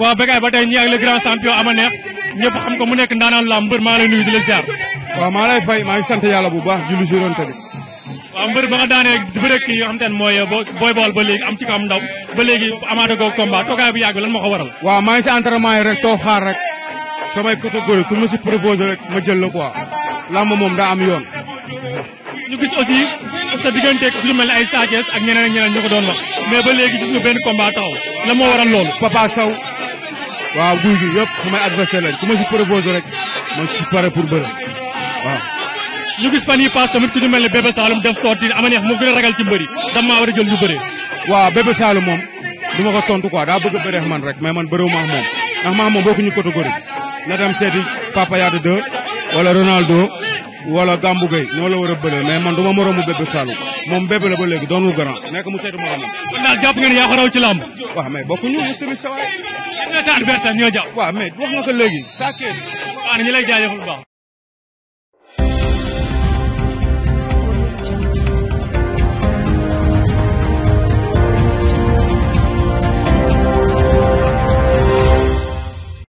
waaw Bécaye ba tey ñii ak le grand ama neex ñëpp xam ko mu nekk ndaanaan la mbër maa lay nuyu di la ziar. waaw maa lay fay maa ngi sant yàlla bu baax julli si yoon tamit. waaw mbër ba nga daanee bëreeg ki nga xam te ne mooy boo euh, booy bool ba léegi am ci kawam ndaw ba léegi amaate ko combat toogaay bu yàgg lan moo ko waral. waaw maa ngi si entraînement yi rek toog xaar rek samay catégorie ku ma si proposé rek ma jël la quoi lamb moom daa am yoon. ñu gis aussi sa digganteeg lu mel Sa Thiès ak ñeneen ak mais ba léegi gis ñu benn combat taxaw la waaw guy gi yëpp samay adversaire lañ ku ma si proposé rek ma si pare pour bëre waaw. ñu gis fan yii paas tamit ku ñu mel ne Bébé Saloum def sorti neex mu gën a ragal ci mbëri dama maa war a jël ñu bëre. waaw Bébé Saloum moom du ma ko tontu quoi daa bëgg a bëreex man rek mais man bëriwuma ak moom ndax maa moom bokkuñu catégorie na dem seeti Papa Yade 2 wala Ronaldo. wala Gambu Gueye ñoo la war a bëre mais ma moromu Bébé moom bébé la ba léegi doonul grand nekk mu seetu moromu. kon daal jàpp ngeen yaa ko raw ci làmb. waaw mais bokkuñu ñu tamit sa waay. adversaire ñoo jàpp. waaw mais wax nga ko léegi. saa kees. waaw ñu lay jaajëfal baax.